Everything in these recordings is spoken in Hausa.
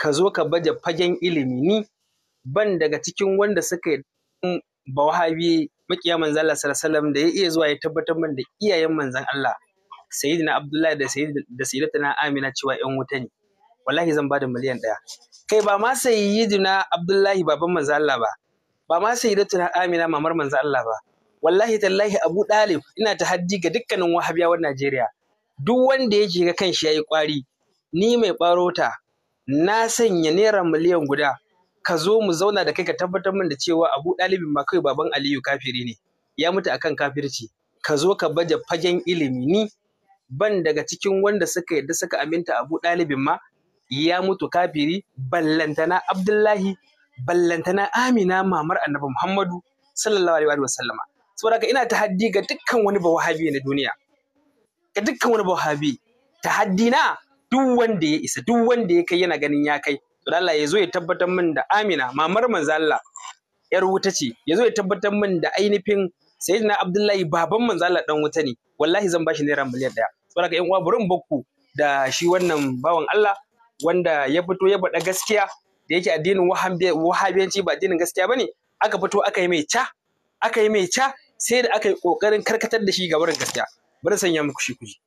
ka zo ka baje fagen ilimi ni ban daga cikin wanda suka yi ba wahabi makiya manzan Allah sallallahu da ya iya zuwa ya tabbatar min da iyayen manzan Allah sayyidina Abdullahi da sayyidatuna Amina cewa yan wuta ne wallahi zan bada miliyan ɗaya kai ba ma sayyidina Abdullahi baban manzan Allah ba ba ma sayyidatuna Amina mamar manzan Allah ba wallahi tallahi Abu Dalib ina haddi ga dukkanin wahabiyawan Najeriya duk wanda ya shiga kan shi yayi kwari ni mai barota na sanya naira miliyan guda ka zo mu zauna da kai ka tabbatar min da cewa abu ɗalibin ma kai baban aliyu kafiri ne ya mutu akan kafirci ka zo ka baje fagen ilimi ni ban daga cikin wanda suka yadda suka aminta abu ɗalibin ma ya mutu kafiri ballantana abdullahi ballantana amina mamar annabi muhammadu sallallahu alaihi wa sallama saboda ina tahaddi ga dukkan wani bawahabi na duniya ga dukkan wani bawahabi tahaddi na duk wanda ya isa duk wanda ya kai yana ganin ya kai to Allah ya zo ya tabbatar min da Amina mamar manzo Allah yar wuta ce ya zo ya tabbatar min da ainihin sayyidina Abdullahi baban manzo Allah dan wuta ne wallahi zan bashi naira miliyan daya saboda yan uwa burin bakku da shi wannan bawan Allah wanda ya fito ya bada gaskiya da yake addinin wahabiyanci ba addinin gaskiya bane aka fito aka yi mai ca aka yi mai ca sai da aka yi kokarin karkatar da shi ga barin gaskiya bari sanya muku shi kuji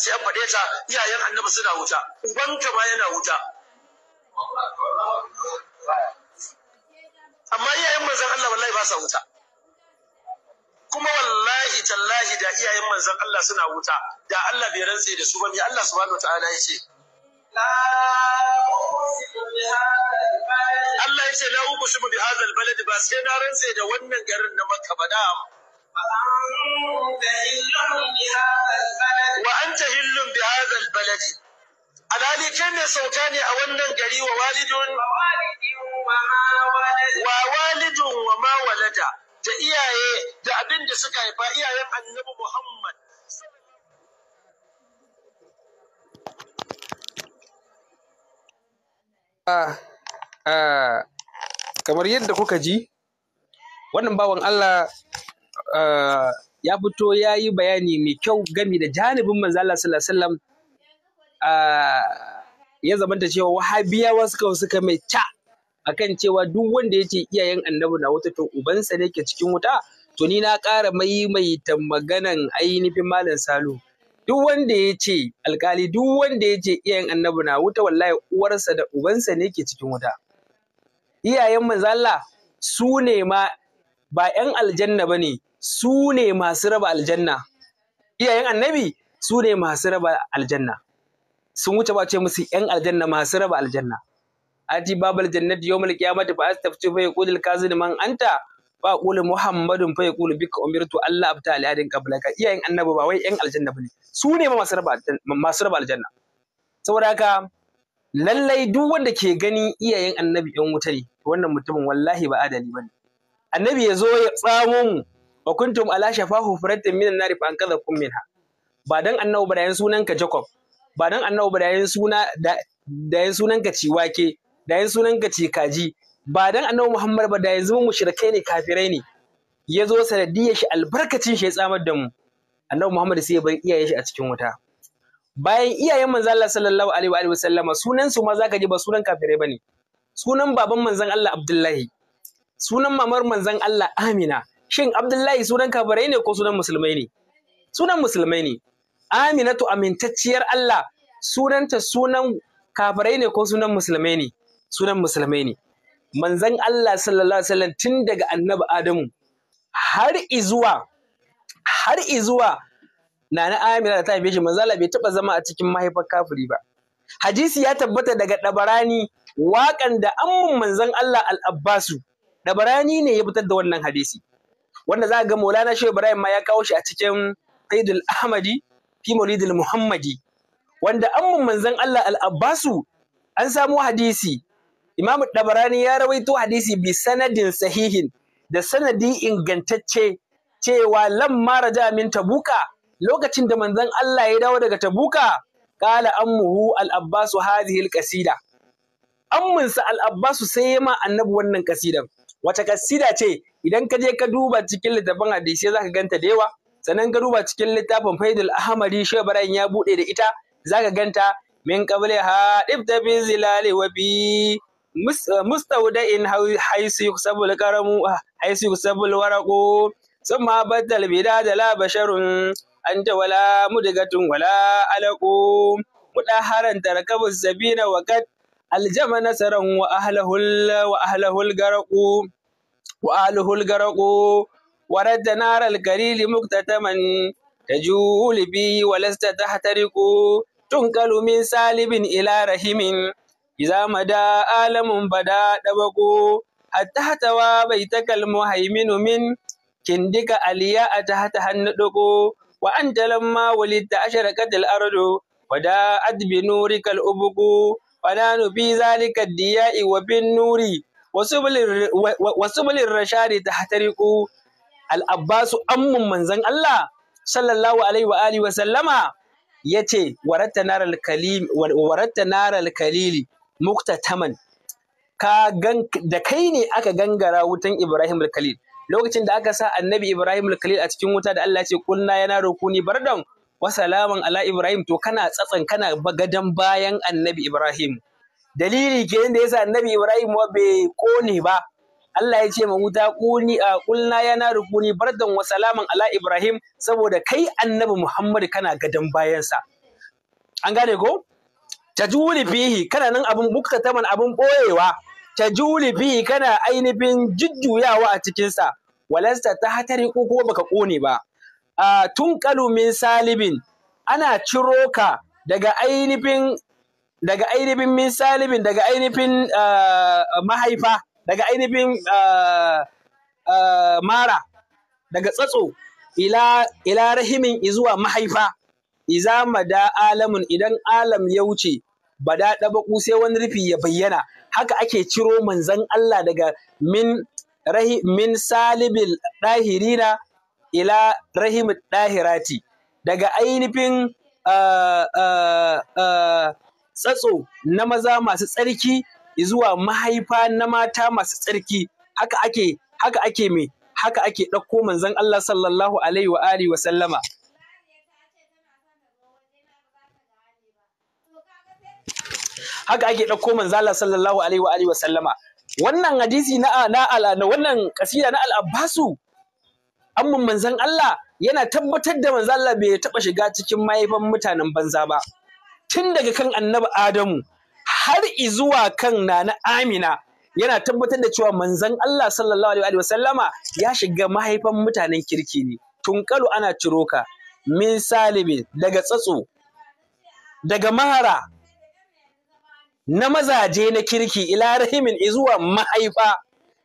sai an faɗe ta iyayen annabi suna wuta ubanka ma yana wuta amma iyayen manzon Allah wallahi ba sa wuta kuma wallahi tallahi da iyayen manzon Allah suna wuta da Allah bai rantse da su ba ne Allah subhanahu wataala ya ce Allah ya ce la uqsimu bi hadha al-balad ba sai na rantse da wannan garin na Makka ba da wa anta hillun bi hadha albalad alhali mai sauka ne a wannan gari wa walidun wa walidun da iyaye da abin da suka haifa iyayen annabi Muhammad ah, ah, kamar yadda kuka ji wannan bawan Allah ya fito ya yi bayani mai kyau gami da janibin manzo Allah sallallahu ya zamanta cewa wahabiyawa suka suka mai ca akan cewa duk wanda ya ce iyayen annabi na wuta to ubansa ne ke cikin wuta to ni na ƙara mai mai maganan ainihin malam salu duk wanda ya ce alkali duk wanda ya ce iyayen annabi na wuta wallahi uwarsa da ubansa ne ke cikin wuta iyayen manzo Allah su ne ma ba 'yan aljanna ba ne su ne masu raba aljanna iyayen annabi su ne masu raba aljanna sun wuce ba ce musu yan aljanna masu raba aljanna ati babal jannati yawmal qiyamati fa astafti fa yaqulu al kazin man anta fa qulu muhammadun fa yaqulu bika umirtu allah abta ali adin qablaka iyayen annabi ba wai yan aljanna bane su ne masu raba masu raba aljanna saboda haka lallai duk wanda ke gani iyayen annabi yan wuta ne wannan mutumin wallahi ba adali bane annabi ya zo ya tsamo mu wa kuntum ala shafahu furatin minan nari fa anqadhakum minha ba dan annabi da yan sunanka Jacob ba dan annabi da yan suna da yan sunanka Ciwake da yan sunanka Cikaji ba dan annabi Muhammad ba da yanzu mu mushrikai ne kafirai ne ya zo sanadiyar shi albarkacin shi ya tsamar da mu annabi Muhammad sai ya bar iyayen shi a cikin wuta bayan iyayen manzo Allah sallallahu alaihi wa alihi wasallama sunan su ma zaka ji ba sunan kafirai bane sunan baban manzon Allah Abdullahi sunan mamar manzon Allah Amina shin Abdullahi sunan kafirai ne ko sunan musulmai ne sunan musulmai ne Aminatu amintacciyar Allah sunanta sunan kafirai ne ko sunan musulmai ne sunan musulmai ne manzon Allah sallallahu alaihi wasallam tun daga annabi Adamu har izuwa har izuwa Nana Amina da ta haife shi manzala bai taba zama a cikin mahaifar kafiri ba. Hadisi ya tabbata daga Dabarani waƙan da amman manzon Allah Al-Abbasu Dabarani ne ya fitar da wannan hadisi. wanda za ga Maulana Shehu Ibrahim ma ya kawo shi a cikin Qaidul Ahmadi fi Maulidil Muhammadi wanda amman manzon Allah al-Abbasu an samu hadisi Imam Dabarani ya rawaito hadisi bi sanadin sahihin da sanadi ingantacce cewa lamma raja min tabuka lokacin da manzon Allah ya dawo daga tabuka qala ammuhu al-abbasu hadhihi al-qasida amminsa al-abbasu sai ya ma annabi wannan kasidan wata kasida ce idan ka je ka duba cikin littafin hadisai zaka ganta da yawa sannan ka duba cikin littafin faidul ahmadi barayin ya bude da ita za ka ganta min qabli ha ibta bi zilali wa bi mustawda'in haisu yuksabu al karamu haisu yuksabu al-waraqu thumma badal bidada la basharun anta wala mudgatun wala alaqu mudaharan tarkabu zabina wa kad aljama nasaran wa ahlahul wa garaqu وأهله الغرق ورد نار الكليل مكتتما تجول به ولست تحترق تنقل من سالب إلى رحم إذا مدى آلم بدا دبق حتى احتوى بيتك المهيمن من كندك ألياء تحتها الندق وأنت لما ولدت أشركت الأرض وداءت بنورك الأبق ونحن في ذلك الدياء وبالنور wasu bulin rashadi ta hatariku al'abbasu ammun manzan Allah sallallahu alaihi wa wa sallama ya ce waratta naral kalili muktataman ka da kai ne aka gangara wutan Ibrahim al-Khalil lokacin da aka sa annabi Ibrahim al-Khalil a cikin wuta da Allah ya ce kunna yana rukuni bardan wa salaman ala Ibrahim to kana tsatsan kana bagadan bayan annabi Ibrahim dalili ke da yasa annabi ibrahim bai kone ba Allah ya ce ma wuta kuni a kulna yana rukuni bardan wa salaman ala ibrahim saboda kai annabi muhammad kana gadan bayansa an gane ko tajuli fihi kana nan abun taman abun boyewa tajuli fihi kana ainihin jujjuyawa a cikin sa walasta ta hatari ko kuma baka kone ba tun min salibin ana ciro ka daga ainihin daga ainihin min daga ainihin ah, mahaifa daga ainihin ah, ah, mara daga tsatso ila ila rahimin izuwa mahaifa iza da alamun idan alam ya wuce ba da ɗabaƙu sai wani rufi ya bayyana haka ake ciro manzan Allah daga min rahi, min salibil ɗahirina ila rahimid ɗahirati daga ainihin tsatso na maza masu tsarki zuwa mahaifa na mata masu tsarki haka ake haka ake me haka ake ɗauko manzon Allah sallallahu alaihi wa alihi wa sallama haka ake ɗauko manzon Allah sallallahu alaihi wa alihi wa sallama wannan hadisi na na na wannan kasida na al-Abbasu amma manzon Allah yana tabbatar da manzon Allah bai taɓa shiga cikin mahaifan mutanen banza ba tun daga kan annabi Adamu har izuwa kan na Amina yana tabbatar da cewa manzon Allah sallallahu alaihi wasallama ya shiga mahaifan mutanen kirki ne tunkalu ana ciro ka min salibi daga tsatso daga mahara na mazaje na kirki ila rahimin izuwa mahaifa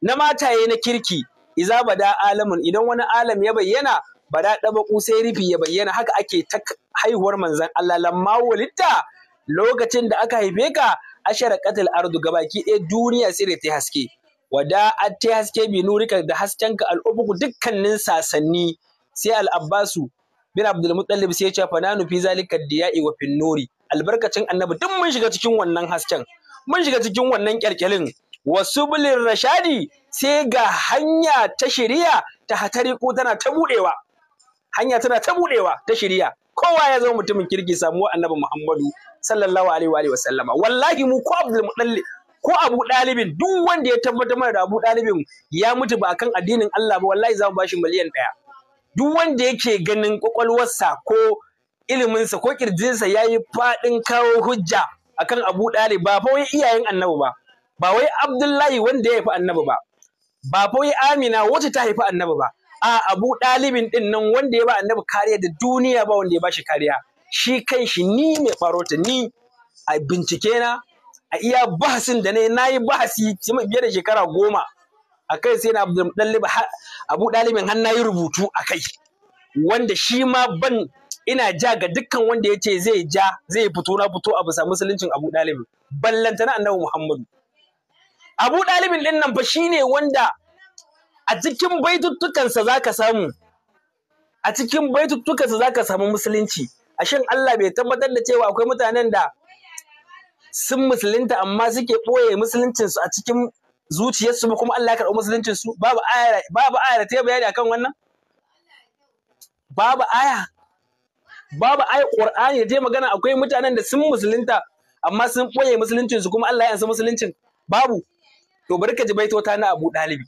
na mataye na kirki iza bada alamun idan wani alam ya bayyana bada ɗaba sai rufi ya bayyana haka ake haihuwar manzan Allah lamma walitta lokacin da aka haife ka ashara qatil ardu gabaki ɗaya duniya sai da ta haske wada ta haske bi nurika da haskenka al'ubuku dukkanin sasanni sai al'abbasu bin abdul muttalib sai ya ce fa nanu fi zalika diya'i wa fin nuri albarkacin annabi duk mun shiga cikin wannan hasken mun shiga cikin wannan kyalkyalin wasu bilin rashadi sai ga hanya ta shiriya ta hatari ko tana ta budewa hanya tana ta budewa ta shiriya kowa ya zama mutumin kirki samu annabi Muhammadu sallallahu alaihi wa sallama wallahi mu ko Abdul mudalli ko Abu Dalibin duk wanda ya tabbatar mana da Abu Dalibin ya mutu ba akan addinin Allah ba wallahi zamu mu bashi miliyan ɗaya duk wanda yake ganin kwakwalwarsa ko iliminsa ko kirjinsa ya yi faɗin kawo hujja akan Abu Dalib ba fa wai iyayen annabi ba ba wai Abdullahi wanda ya haifi annabi ba ba fa wai Amina wacce ta haifi annabi ba a abu ɗalibin ɗin nan wanda ya ba annabi kariya da duniya ba wanda ya ba shi kariya shi kan shi ni mai farauta ni a bincike na a iya bahasin da na yi bahasi biye da shekara goma a kai sai na abu ɗalibin har na yi rubutu a kai wanda shi ma ban ina ja ga dukkan wanda ya ce zai ja zai fito na fito a bisa musuluncin abu ɗalibin ballantana annabi muhammadu abu ɗalibin ɗin nan fa shine wanda a cikin baituttukansa za ka samu a cikin baitutukansa za ka samu musulunci ashin Allah bai tabbatar da cewa akwai mutanen da sun musulunta amma suke ɓoye musuluncinsu a cikin zuciyarsu ba kuma Allah ya karɓi musuluncinsu babu aya babu aya da ta bayani akan wannan babu aya babu aya Qur'ani da ta magana akwai mutanen da sun musulunta amma sun ɓoye musuluncinsu kuma Allah ya ansa musuluncin babu to bari ka ji baitota na Abu Dalibi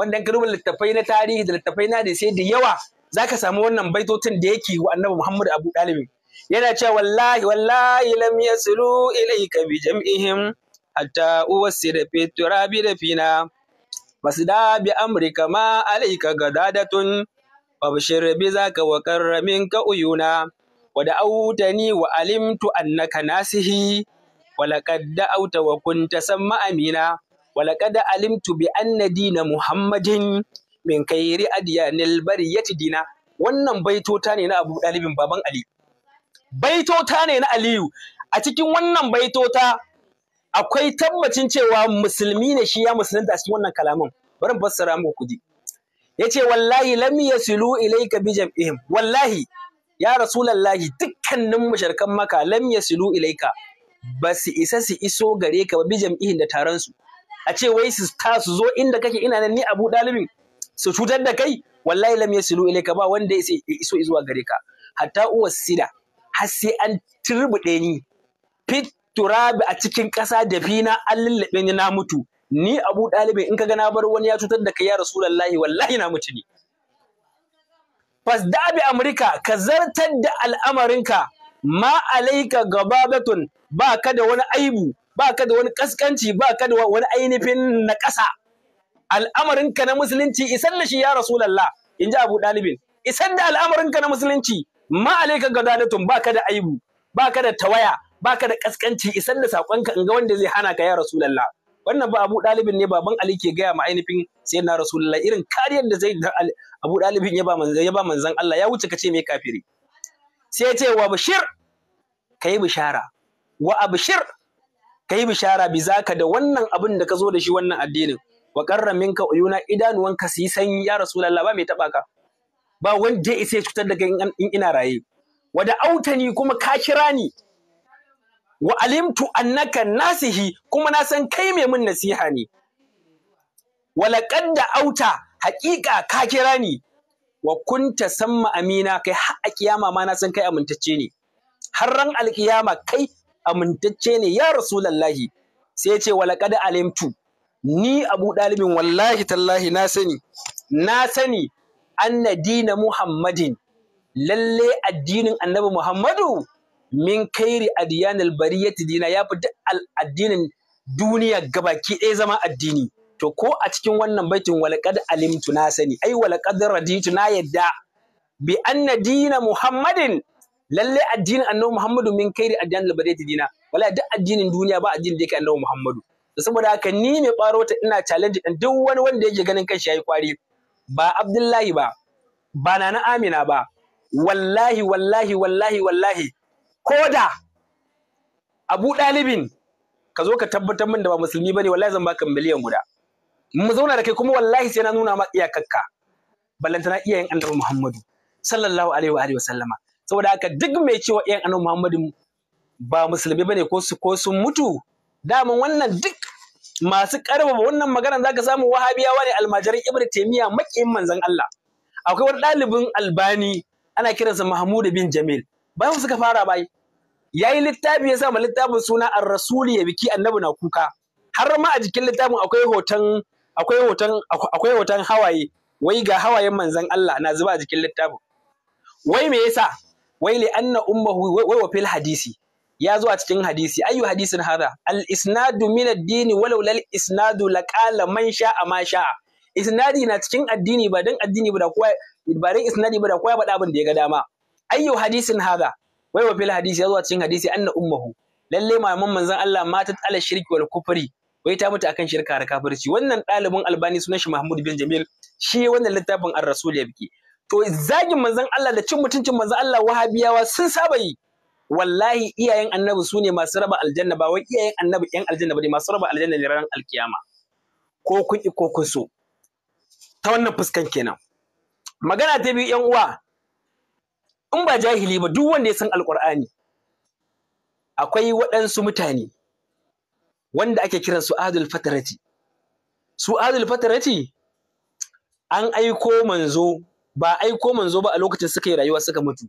wanda an karuba littattafai na tarihi da littattafai na da sai da yawa zaka samu wannan baitotin da yake wa annabi Muhammad Abu Dalib yana cewa wallahi wallahi lam yasilu ilayka bi jam'ihim hatta uwassira fi turabi da fina basda bi amrika ma alayka gadadatun wabshir bi zaka wa karamin ka uyuna wa da'awtani wa alimtu annaka nasihi wa laqad da'awta wa kunta samma amina ولقد علمت بأن دين محمد من خير أديان البرية دينا wannan baitota ne na Abu Dalibin baban Ali baitota ne na Aliyu a cikin wannan baitota akwai tabbacin cewa musulmi ne shi ya musulunta cikin wannan kalaman bari fassara muku kudi yace wallahi lam yasilu ilayka bi jam'ihim wallahi ya rasulullahi dukkanin mushrikan maka lam yasilu ilayka ba su isa su iso gare ka ba bi jam'ihin da taron su a ce wai su ta su zo inda kake ina nan ni Abu Dalibin su cutar da kai wallahi lam yasilu ilayka ba wanda ya iso zuwa gare ka hatta uwa sida har sai an turbude ni fit turabi a cikin ƙasa da fina an lullube ni na mutu ni Abu Dalibin in kaga na bar wani ya cutar da kai ya Rasulullahi wallahi na mutu ne fasda bi amurka ka zartar da al'amarinka ma alaika gababatun ba ka da wani aibu ba ka da wani kaskanci ba ka da wani ainihin na ƙasa al'amarinka na musulunci isan da shi ya rasulallah in ji abu ɗalibin isan da al'amarinka na musulunci ma alaika gadadatun ba ka da aibu ba ka da tawaya ba ka da kaskanci isan da saƙonka in ga wanda zai hana ka ya rasulallah wannan ba abu ɗalibin ne baban ali ke gaya ma ainihin sai na rasulallah irin kariyar da zai abu ɗalibin ya ba manzan ya Allah ya wuce ka ce mai kafiri sai ya ce wa bashir kai bishara wa abshir kai bishara bi ka da wannan abin da ka zo da shi wannan addinin wa ka minka uyuna idanuwanka su yi sanyi ya rasulullah ba mai taba ka ba wanda ya isa ya cutar da in ina raye wa da autani kuma ka kira ni wa alimtu annaka nasihi kuma na san kai mai mun nasiha ne wa laqad da auta haƙiƙa ka kira ni wa kunta samma amina kai har a kiyama ma na san kai amintacce ne har ran alkiyama kai amintacce ne ya rasulallahi sai ce walaqad alimtu ni abu dalibin wallahi tallahi na sani na sani anna dina muhammadin lalle addinin annabi muhammadu min kairi adiyanal bariyati dina ya fi duk addinin duniya gabaki ɗaya zama addini to ko a cikin wannan baitin walaqad alimtu na sani ai walaqad raditu na yadda bi anna dina muhammadin lalle addinin annabi Muhammadu min kai da addinin ta dina wallahi duk addinin duniya ba addinin da yake annabi Muhammadu saboda haka ni mai baro ta ina challenge din duk wani wanda yake ganin kanshi yayi kwari ba Abdullahi ba ba na Amina ba wallahi wallahi wallahi wallahi koda Abu Dalibin ka zo ka tabbatar min da ba musulmi bane wallahi zan baka miliyan guda mu zauna da kai kuma wallahi sai na nuna ma iyakakka ballantana iyayen annabi Muhammadu sallallahu alaihi wa alihi wa sallama saboda haka duk mai cewa ɗan annabi Muhammadu ba musulmi bane ko su ko sun mutu daman wannan duk masu karfafa wannan magana zaka samu wahabiyawa ne almajirin ibnu taymiya makiyin manzon Allah akwai wani ɗalibin albani ana kiransa mahmud bin jamil bayan suka fara bai yayi littafi ya sa ma littafin suna ar-rasuli ya biki annabi na kuka har ma a jikin littafin akwai hoton akwai hoton akwai hoton hawaye wai ga hawayen manzon Allah na zuba a jikin littafin wai me yasa wai li anna ummahu wai wa fil hadisi ya zo a cikin hadisi ayu hadisin hada al isnadu min ad-dini walau lal isnadu laqala man sha'a ma sha'a isnadi na cikin addini ba dan addini ba da kowa ba dan isnadi ba da kowa ba abin da ya ga dama ayu hadisin hada wai wa fil hadisi ya zo a cikin hadisi anna ummuhu lalle maman manzon Allah matat ala shirki wal kufri wai ta mutu akan shirka da kafirci wannan dalibin albani sunan shi Mahmud bin Jamil shi wannan littafin ar-rasul ya biki to zagin manzon Allah da cin mutuncin manzon Allah wahabiyawa sun saba yi wallahi iyayen annabi su ne masu raba aljanna ba wai iyayen annabi yan aljanna ba ne masu raba aljanna ne ranar alkiyama ko kun ko kun so ta wannan fuskan kenan magana ta biyu yan uwa in ba jahili ba duk wanda ya san Alƙur'ani. akwai waɗansu mutane wanda ake kiran su adul fatarati su adul fatarati an aiko manzo ba aiko manzo ba a lokacin suka yi rayuwa suka mutu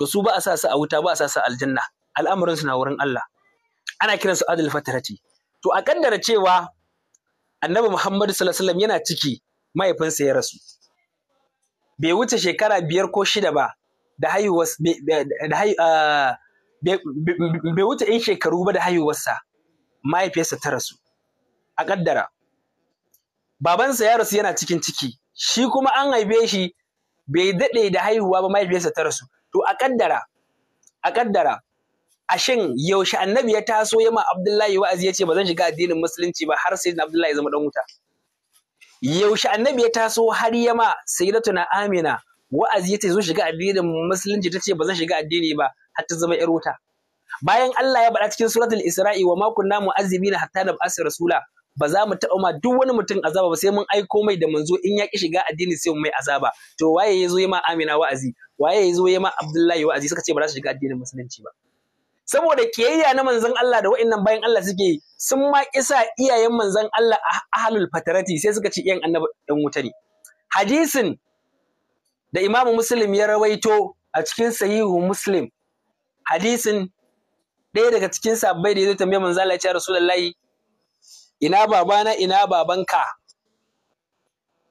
to su ba a sa su a wuta ba a sa su aljanna al'amarin su na wurin Allah ana kiran su adil fatarati to a kaddara cewa annabi Muhammad sallallahu alaihi wasallam yana ciki mahaifinsa ya rasu bai wuce shekara biyar ko shida ba da haihuwar da hai, ah, bai wuce in shekaru ba da haihuwarsa mahaifiyarsa ta rasu a kaddara babansa ya rasu yana cikin ciki shi kuma an haife shi bai daɗe da haihuwa ba mahaifiyarsa ta rasu to a kaddara a kaddara a shin yaushe annabi ya taso ya ma abdullahi wa'azi ya ce ba zan shiga addinin musulunci ba har sai abdullahi ya zama dan wuta yaushe annabi ya taso har ya ma sayyidatuna amina wa'azi ya ce zo shiga addinin musulunci ta ce ba zan shiga addini ba har ta zama yar wuta bayan Allah ya faɗa cikin suratul isra'i wa ma kunna mu'azzibina hatta nab'as rasula ba za mu taɓa ma duk wani mutum azaba ba sai mun aiko mai da manzo in ya ki shiga addini sai mu mai azaba to waye ya zo ya ma Amina wa'azi waye ya zo ya ma Abdullahi wa'azi suka ce ba za su shiga addinin musulunci ba saboda kiyayya na manzon Allah da wa'annan bayan Allah suke sun ma isa iyayen manzon Allah a ahlul fatarati sai suka ce iyan annabi dan wuta ne hadisin da Imam Muslim ya rawaito a cikin sahihu Muslim hadisin ɗaya daga cikin sabbai da ya zo tambaya manzon Allah ya ce Rasulullahi ina babana ina babanka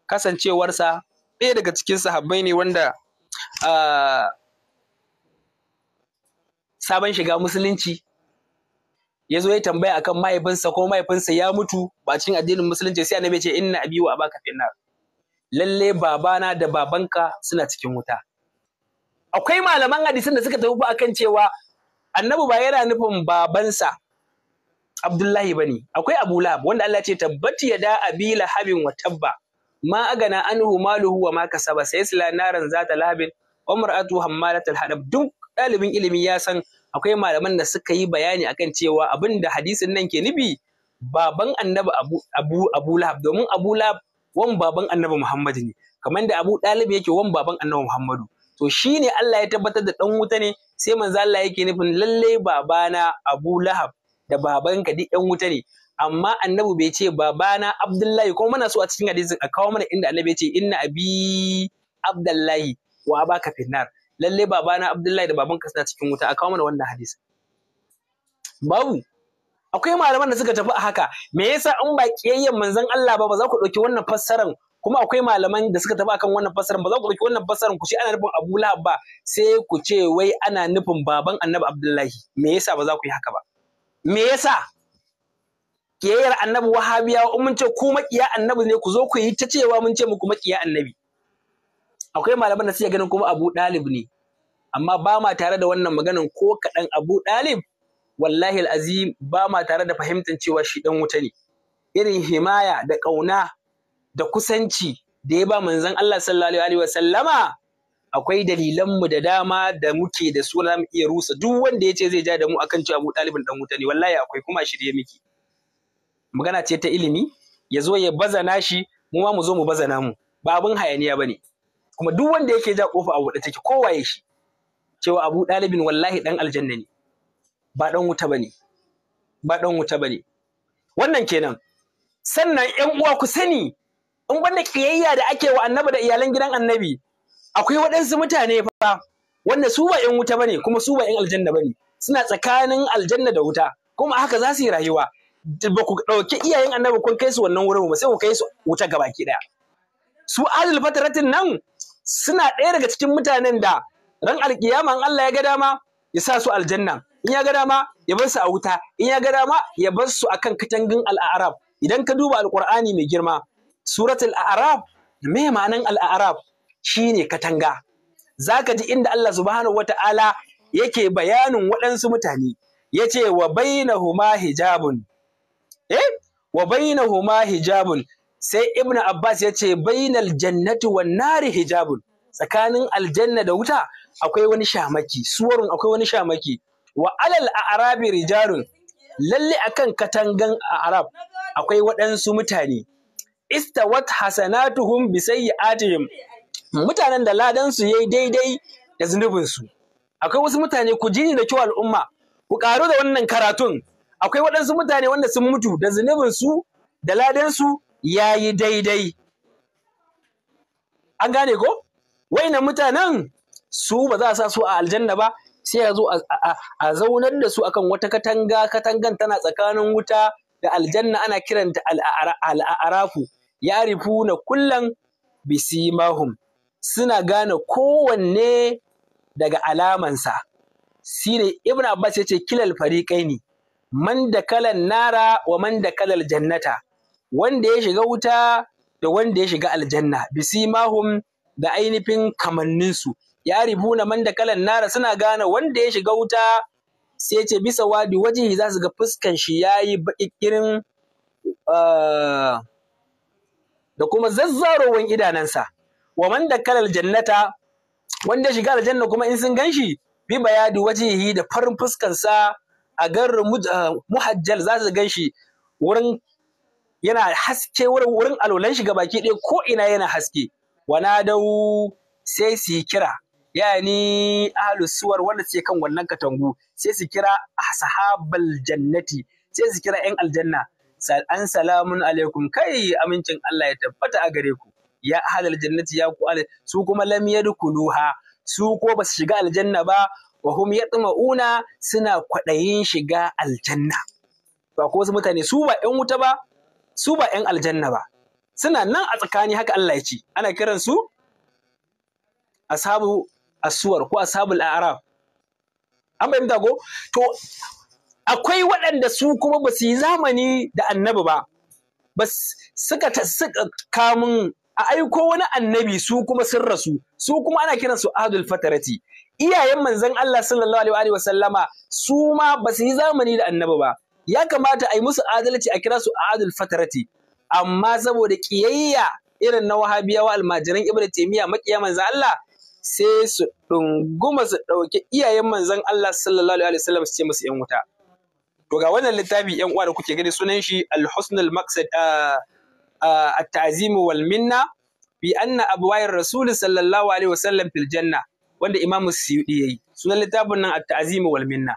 kasancewarsa ɗaya daga cikin sahabbai ne wanda ah, sabon shiga musulunci ya zo ya tambaya akan mahaifinsa ko mahaifinsa ya mutu ba cikin addinin musulunci sai annabi ya ce inna abi wa abaka finnar lalle babana da babanka suna cikin wuta akwai malaman hadisin da suka tafi ba akan cewa annabi ba yana nufin babansa Abdullahi bane akwai Abu Lahab wanda Allah ce tabbati ya da abi lahabin wa tabba ma agana anhu maluhu wa ma kasaba sayasla naran zata lahabin wa mar'atu hammalatul hadab duk ɗalibin ilimi ya san akwai malaman da suka yi bayani akan cewa abin hadisin nan ke nufi baban annabi abu, abu, lahab domin abu lahab wan baban annabi muhammad ne kamar da abu Dalib yake wan baban annabi muhammadu to shine allah ya tabbatar da ɗan wuta ne sai manzo allah yake nufin lalle babana abu lahab da babanka duk yan wuta ne amma annabi bai ce babana abdullahi kuma muna so a cikin hadisin a kawo mana inda annabi ya ce inna abi abdullahi wa baka finnar lalle babana abdullahi da babanka suna cikin wuta a kawo mana wannan hadisin babu akwai malaman da suka tafi a haka me yasa in ba kiyayyen manzon Allah ba ba za ku ɗauki wannan fassaran kuma akwai malaman da suka tafi akan wannan fassaran ba za ku ɗauki wannan fassaran ku ce ana nufin Abu Lahab ba sai ku ce wai ana nufin baban Annabi Abdullahi me yasa ba za ku yi haka ba me yasa kiyayyar annabi wahabiya wa mun ce ku maƙiya annabi ne ku zo ku yi ta cewa mun ce muku makiya annabi akwai malaman da suke ganin kuma abu ɗalib ne amma ba ma tare da wannan maganan ko kaɗan abu ɗalib wallahi al'azim ba ma tare da fahimtar cewa shi ɗan wuta ne irin himaya da ƙauna da kusanci da ya ba manzon Allah sallallahu alaihi wa sallama akwai dalilan mu da dama da muke da su na iya rusa duk wanda ya ce zai ja da mu akan cewa Abu ɗalibin dan wuta ne wallahi akwai kuma shirye miki magana ce ta ilimi ya zo ya bazana shi mu ma mu zo mu bazana mu ba abin hayaniya bane kuma duk wanda yake ja kofa a wuɗe take kowaye shi cewa Abu Dalibin wallahi dan aljanna ne ba dan wuta bane ba dan wuta bane wannan kenan sannan 'yan uwa ku sani in banda kiyayya da ake wa annabi da iyalan gidan annabi akwai waɗansu mutane fa wanda su ba ƴan wuta bane kuma su ba ƴan aljanna bane suna tsakanin aljanna da wuta kuma haka za su yi rayuwa ba ku ɗauki iyayen annabi kun kai su wannan wurin ba sai ku kai su wuta gabaki ɗaya su adil fataratin nan suna ɗaya daga cikin mutanen da ran alƙiyama in Allah ya ga dama ya sa su aljanna in ya ga dama ya bar su a wuta in ya ga dama ya bar su akan katangin al'arab idan ka duba Alƙur'ani mai girma suratul a'raf me ma'anan al'arab shine katanga zaka ji inda Allah subhanahu wata'ala yake bayanin waɗansu mutane yace wa bainahuma hijabun eh wa bainahuma hijabun sai ibn Abbas yace bainal jannati wan nari hijabun tsakanin aljanna da wuta akwai wani shamaki suwarun akwai wani shamaki wa alal a'rabi rijalun lalle akan katangan arab akwai waɗansu mutane istawat hasanatuhum bi sayyi'atihim mutanen da ladansu yayi daidai da zunubinsu akwai wasu mutane ku jini da kyau al'umma ku ƙaru da wannan karatun akwai waɗansu mutane wanda sun mutu da zunubinsu da ladansu yayi daidai an gane ko waina mutanen su ba za a sa su a aljanna ba sai a zo a zaunar da su akan wata katanga katangan tana tsakanin wuta da aljanna ana kiranta al'arafu ya rifu na kullan bisimahum suna gane kowanne daga alamansa ne ibn abbas ce kilal ne man da kalan nara wa man da kalal jannata wanda ya shiga wuta da wanda ya shiga aljanna bisimahum da ainihin kamanninsu ya ribuna man da kalan nara suna gane wanda ya shiga wuta sai ce bisa wadi wajihi za su ga fuskan shi ya yi baƙiƙirin ah, da kuma zazzarowar idanansa wa man dakkala aljannata, wanda ya shiga aljanna kuma in sun ganshi bi bayadi wajihi da farin fuskan sa a garin muhajjal za su ganshi wurin yana haske wurin alolan shi gabaki ɗaya ko ina yana haske wana dau sai su kira yani ahlus suwar wanda suke kan wannan katangu sai su kira ashabal jannati sai su kira yan aljanna an salamun alaikum kai amincin Allah ya tabbata a gare ku ya ahlal jannati ya ku su kuma lam yadkhuluha su ko ba su shiga aljanna ba wa hum yatma'una suna kwaɗayin shiga aljanna ba ko wasu mutane su ba ƴan wuta ba su ba ƴan aljanna ba suna nan a tsakani haka Allah ya ce ana kiran su ashabu asuwar ko ashabul a'raf an fahimta ko to akwai waɗanda su kuma ba su yi zamani da annabi ba bas suka ta suka kamun a aiko wani annabi su kuma sun rasu su kuma ana kiran su ahdul fatarati iyayen manzon Allah sallallahu alaihi wa sallama su ma ba su yi zamani da annabi ba ya kamata a yi musu adalci a kira su ahdul fatarati amma saboda kiyayya irin na wahabiyawa almajiran ibnu taymiya makiya manzon Allah sai su ɗunguma su ɗauki iyayen manzon Allah sallallahu alaihi wasallam su ce musu ‘yan wuta. To ga wannan littafi ‘yan uwa da kuke gani sunan shi Al-Husnul Maqsad ah, at-ta'zim wal minna bi anna abwa'ir rasul sallallahu alaihi wasallam fil janna wanda imamu suyudi yayi sunan littafin nan at-ta'zim wal minna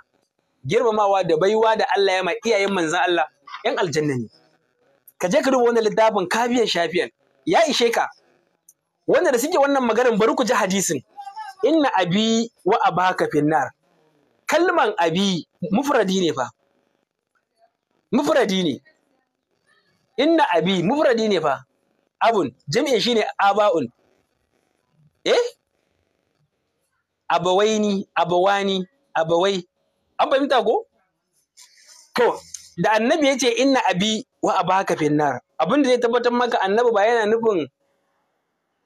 girmamawa da baiwa da Allah ya ma iyayen manzon Allah yan aljanna ne ka je ka duba wannan littafin kafiyan shafiyan ya ishe ka wanda da suke wannan maganar bari ku ji hadisin inna abi wa abaka finnar kalman abi mufradi ne fa mufradi ne inna abi mufradi ne fa abun jami'in shine aba'un eh abawaini abawani abawai an fahimta ko to da annabi ya ce inna abi wa abaka finnar abin da zai tabbatar maka annabi ba yana nufin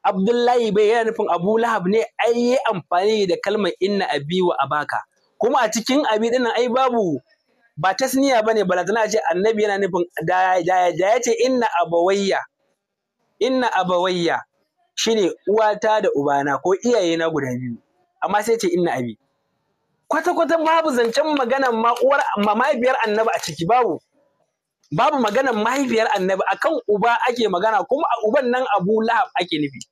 abdullahi bai yana nufin abu lahab ne ai yi amfani da kalmar inna abi wa abaka kuma a cikin abi dinnan ai babu ba tasniya bane Bala tana ce annabi yana nufin da ya ce inna abawayya inna abawayya shine uwata da ubana ko iyayena guda biyu amma sai ce inna abi kwata kwata babu zancen maganan ma uwar mahaifiyar annabi a ciki babu babu maganan mahaifiyar annabi akan uba ake magana kuma a uban nan abu lahab ake nufi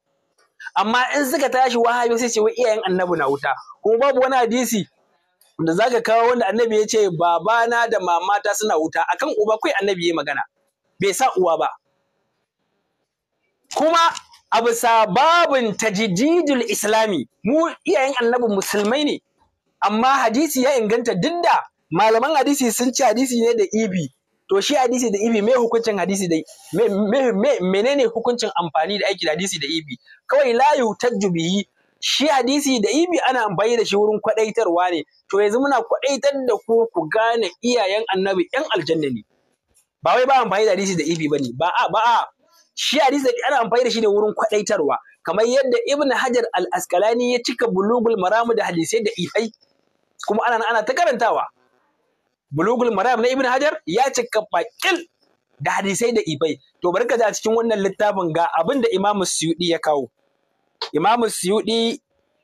amma in suka tashi wahabi sai ce wai iyayen annabi na wuta ko babu wani hadisi wanda zaka kawo wanda annabi ya ce babana da mamata suna wuta akan uba kai annabi ya magana bai sa uwa ba kuma abu bisa babin islami mu iyayen annabi musulmai ne amma hadisi ya inganta duk da malaman hadisi sun ci hadisi ne da ibi to shi hadisi da ibi me hukuncin hadisi da me, me, me, menene hukuncin amfani da aiki da hadisi da ibi kawai la yutajju bihi shi hadisi da ibi ana amfani da shi wurin kwadaitarwa ne to yanzu muna kwadaitar da ku ku gane iyayen annabi yan aljanna ne ba wai ba amfani da hadisi da ibi bane ba a ba a shi hadisi ana amfani da shi ne wurin kwadaitarwa kamar yadda ibn hajar al-asqalani ya cika bulugul maramu da hadisai da ihai kuma ana ana ta karantawa bulugul maram na ibn hajar ya cika bakil da hadisai da Ifai. to barka da cikin wannan littafin ga abin da imamu suyudi ya kawo Imam Suyudi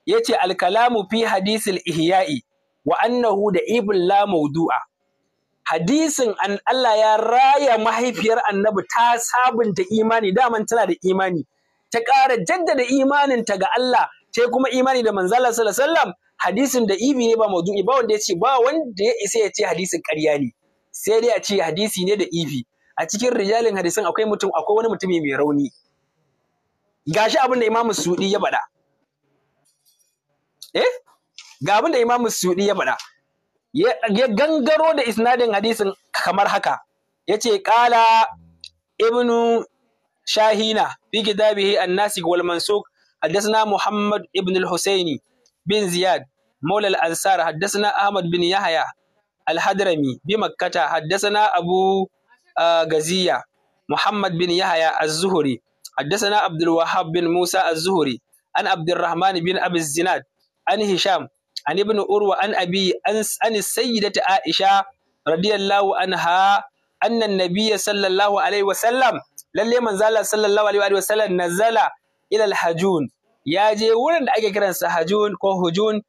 yace al-kalamu fi hadisul ihya'i wa annahu da ibn la mawdu'a hadisin an Allah ya raya mahaifiyar annabi ta sabunta imani daman tana da imani ta ƙara jaddada imaninta ga Allah sai kuma imani da manzala sallallahu alaihi hadisin da ibi ne ba maudu'i ba wanda ya ce ba wanda ya isa ya ce hadisin ƙarya ne sai dai a ce hadisi ne da ibi a cikin rijalin hadisin akwai mutum akwai wani mutumi mai rauni gashi abin da imamu suɗi ya baɗa eh ga abin da imamu ya baɗa ya gangaro da isnadin hadisin kamar haka ya ce ƙala ibnu shahina fi gida biyu an nasi gwalman so muhammad ibn husaini bin ziyad maulal ansar haddasa ahmad bin yahaya al-hadrami bi abu uh, gaziya muhammad bin yahaya az حدثنا عبد الوهاب بن موسى الزهري عن عبد الرحمن بن أبي الزناد عن هشام عن ابن أروى عن أبي عن السيدة عائشة رضي الله عنها أن النبي صلى الله عليه وسلم lalle manzo sallallahu alaihi wa sallam nazala ila al ya je wurin da ake kiransa hajun ko hujun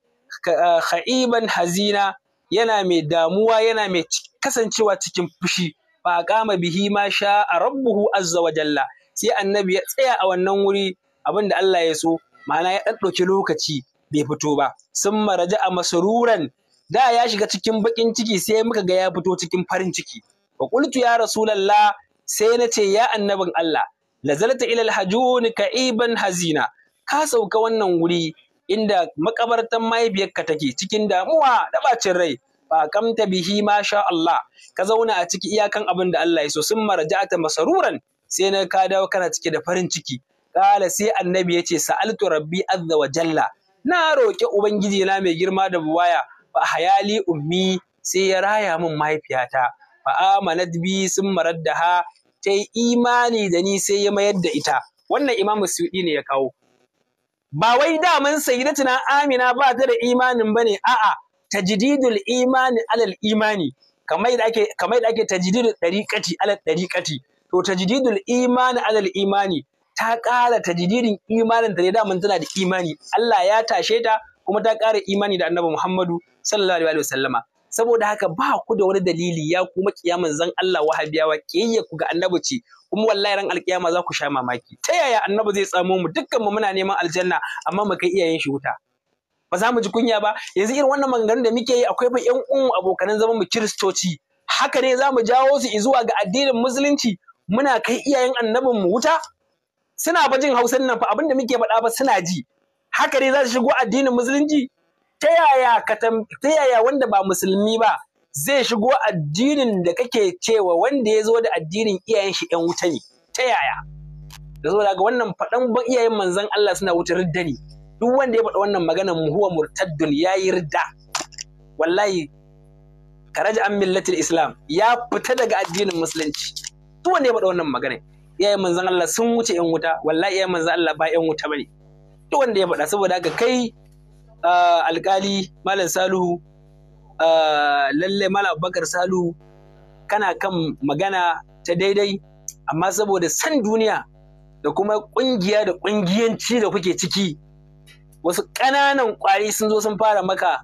kha'iban hazina yana mai damuwa yana mai kasancewa cikin fushi fa qama bihi ma sha rabbuhu azza wa jalla sai annabi ya tsaya a wannan wuri abin da Allah ya so ma'ana ya ɗan ɗauki lokaci bai fito ba sun maraja a masaruran da ya shiga cikin baƙin ciki sai muka ga ya fito cikin farin ciki wa qultu ya rasulallah sai na ce ya annabin Allah lazalta ilal hajun ka'iban hazina ka sauka wannan wuri inda makabartan mahaifiyarka take cikin damuwa da bacin rai ba kamta bihi masha Allah ka zauna a ciki iyakan abin da Allah ya so sun marja'ata masaruran sai na ka dawo kana cike da farin ciki kala sai annabi ya ce sa'altu rabbi azza wa jalla na roƙi ubangiji na mai girma da buwaya fa hayali ummi sai ya raya min mahaifiyata fa amanat bi sun maraddaha ta imani da ni sai ya mayar da ita wannan imamu suɗi ne ya kawo ba wai daman sayyidatuna amina ba ta da imanin bane a'a tajdidul imani alal imani kamar da ake kamar da ake tajdidul dariqati alal dariqati to tajdidul imani alal imani ta ƙara tajdidin imanin ta ne daman tana da imani Allah ya tashe ta kuma ta ƙara imani da annabi Muhammadu sallallahu alaihi wasallama saboda haka ba ku da wani dalili ya kuma kiyaman zan Allah wahabiyawa kiyayya ku ga annabi ce kuma wallahi ran alkiyama za ku sha mamaki ta yaya annabi zai tsamo mu dukkan mu muna neman aljanna amma mu kai iyayen shi wuta ba za mu ji kunya ba yanzu irin wannan maganganun da muke yi akwai ba yan uwan abokanan zaman mu kiristoci haka ne za mu jawo su zuwa ga addinin musulunci muna kai iyayen annabin mu wuta suna ba jin hausan nan fa abin da muke faɗa ba suna ji haka dai za su shigo addinin musulunci ta yaya ka ta yaya wanda ba musulmi ba zai shigo addinin da kake cewa wanda ya zo da addinin iyayen shi ‘yan wuta ne ta yaya da zo daga wannan faɗan ban iyayen manzon Allah suna wuta ridda ne duk wanda ya faɗa wannan maganar mu huwa murtaddun ya yi ridda wallahi karaja an millatul islam ya fita daga addinin musulunci duk wanda ya faɗa wannan magana iyayen manzon Allah sun wuce yan wuta wallahi iyayen manzan Allah ba yan wuta bane duk wanda ya faɗa saboda haka kai ah, Alƙali malam Salihu ah, lalle malam Abubakar Salihu kana kan magana ta daidai amma saboda san duniya da kuma ƙungiya da ƙungiyanci da kuke ciki wasu ƙananan ƙwari sun zo sun fara maka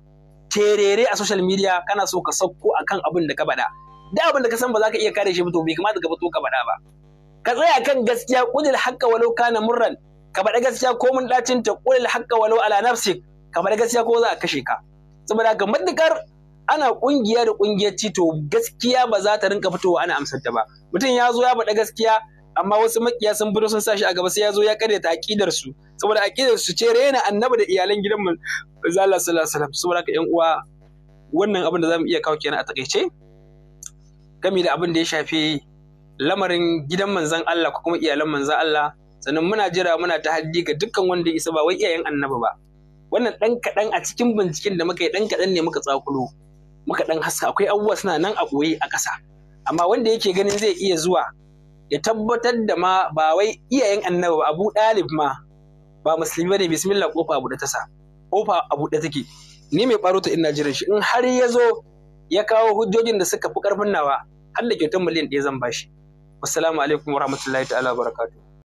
terere a social media kana so ka sauko akan abin da ka faɗa Da abin da ka san ba za ka iya kare shi ba to bai kamata ka fito ka faɗa ba ka tsaya kan gaskiya kulil haqqa walau kana murran ka faɗa gaskiya ko mun dacin ta kulil haqqa walau ala nafsi ka faɗa gaskiya ko za a kashe ka saboda ga matukar ana kungiya da kungiyar to gaskiya ba za ta rinka fitowa ana amsar ta ba mutum ya zo ya faɗa gaskiya amma wasu makiya sun fito sun sa shi a gaba sai ya zo ya kare ta aƙidar su saboda aqidar su ce rena annabi da iyalan gidan manzo Allah sallallahu alaihi wasallam saboda ka ƴan uwa wannan abin da zamu iya kawo kenan a takaice gami da abin da ya shafi lamarin gidan manzan Allah ko kuma iyalan manzan Allah sannan muna jira muna ta haddi ga dukkan wanda isa ba wai iyayen annabi ba wannan dan kaɗan a cikin binciken da muka yi dan kaɗan ne muka tsakulo muka ɗan haska akwai abubuwa suna nan a ɓoye a ƙasa amma wanda yake ganin zai iya zuwa ya tabbatar da ma ba wai iyayen annabi ba abu dalib ma ba musulmi bane bismillah kofa abu da ta sa kofa abu da take ni mai ɓarota ta ina jiran shi in har ya zo ya kawo hujjojin da suka fi karfin nawa har da kyautar miliyan ɗaya zan bashi. Wassalamu alaikum warahmatullahi ta'ala barakatuh.